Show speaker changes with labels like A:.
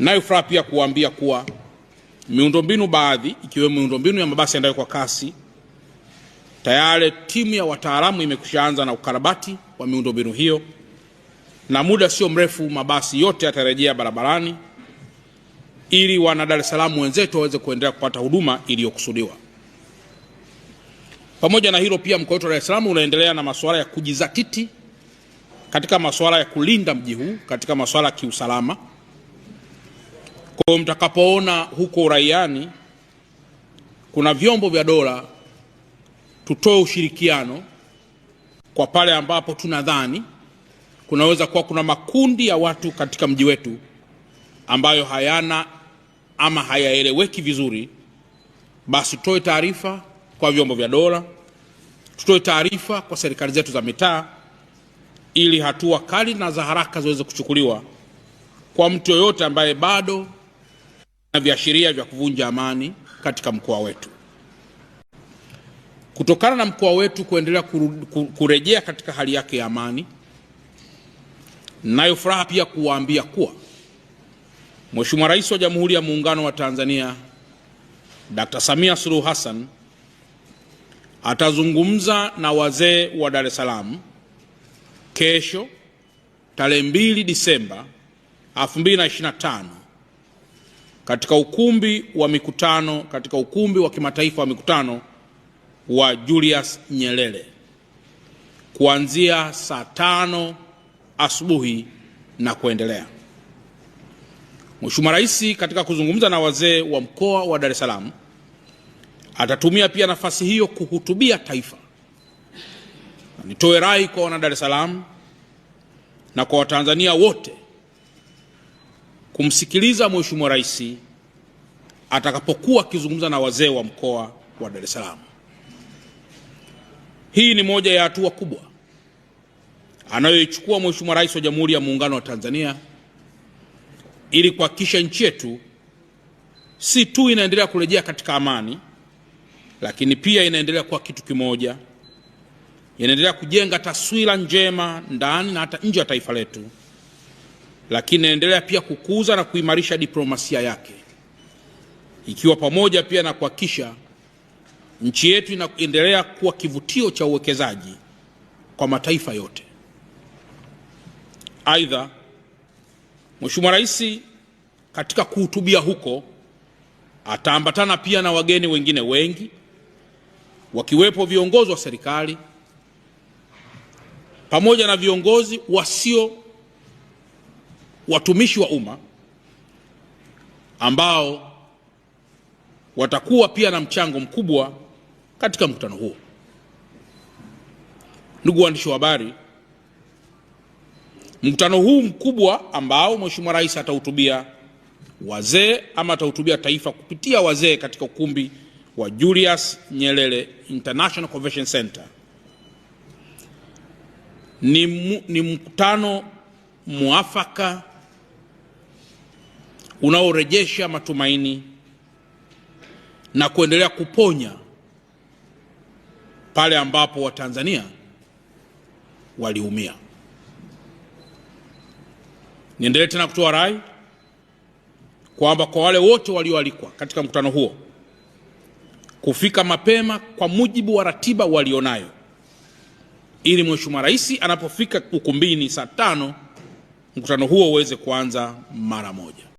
A: Nayo furaha pia kuwaambia kuwa miundombinu baadhi ikiwemo miundombinu ya mabasi yaendayo kwa kasi, tayari timu ya wataalamu imekushaanza na ukarabati wa miundombinu hiyo, na muda sio mrefu mabasi yote yatarejea barabarani ili wana Dar es Salaam wenzetu waweze kuendelea kupata huduma iliyokusudiwa. Pamoja na hilo, pia mkoa wetu wa Dar es Salaam unaendelea na masuala ya kujizatiti katika masuala ya kulinda mji huu katika masuala ya kiusalama kwa mtakapoona huko uraiani kuna vyombo vya dola, tutoe ushirikiano kwa pale ambapo tunadhani kunaweza kuwa kuna makundi ya watu katika mji wetu ambayo hayana ama hayaeleweki vizuri, basi tutoe taarifa kwa vyombo vya dola, tutoe taarifa kwa serikali zetu za mitaa, ili hatua kali na za haraka ziweze kuchukuliwa kwa mtu yoyote ambaye bado na viashiria vya kuvunja amani katika mkoa wetu. Kutokana na mkoa wetu kuendelea kurejea katika hali yake ya amani, nayo furaha pia kuwaambia kuwa Mheshimiwa Rais wa Jamhuri ya Muungano wa Tanzania Dr. Samia Suluhu Hassan atazungumza na wazee wa Dar es Salaam kesho tarehe 2 Disemba 2025 katika ukumbi wa mikutano katika ukumbi wa kimataifa wa mikutano wa Julius Nyerere kuanzia saa tano asubuhi na kuendelea. Mheshimiwa Rais katika kuzungumza na wazee wa mkoa wa Dar es Salaam atatumia pia nafasi hiyo kuhutubia taifa. Nitoe rai kwa wana Dar es Salaam na kwa Watanzania wote kumsikiliza Mheshimiwa Rais atakapokuwa akizungumza na wazee wa mkoa wa Dar es Salaam. Hii ni moja ya hatua kubwa anayoichukua Mheshimiwa Rais wa Jamhuri ya Muungano wa Tanzania ili kuhakikisha nchi yetu si tu inaendelea kurejea katika amani, lakini pia inaendelea kuwa kitu kimoja, inaendelea kujenga taswira njema ndani na hata nje ya taifa letu lakini inaendelea pia kukuza na kuimarisha diplomasia yake ikiwa pamoja pia na kuhakikisha nchi yetu inaendelea kuwa kivutio cha uwekezaji kwa mataifa yote. Aidha, Mheshimiwa Rais katika kuhutubia huko ataambatana pia na wageni wengine wengi wakiwepo viongozi wa serikali pamoja na viongozi wasio watumishi wa umma ambao watakuwa pia na mchango mkubwa katika mkutano huo. Ndugu waandishi wa habari, mkutano huu mkubwa ambao Mheshimiwa Rais atahutubia wazee ama atahutubia taifa kupitia wazee katika ukumbi wa Julius Nyerere International Convention Center ni, mu, ni mkutano muafaka unaorejesha matumaini na kuendelea kuponya pale ambapo Watanzania waliumia. Niendelee tena kutoa rai kwamba kwa wale wote walioalikwa katika mkutano huo kufika mapema kwa mujibu wa ratiba walionayo, ili Mheshimiwa Rais anapofika ukumbini saa tano mkutano huo uweze kuanza mara moja.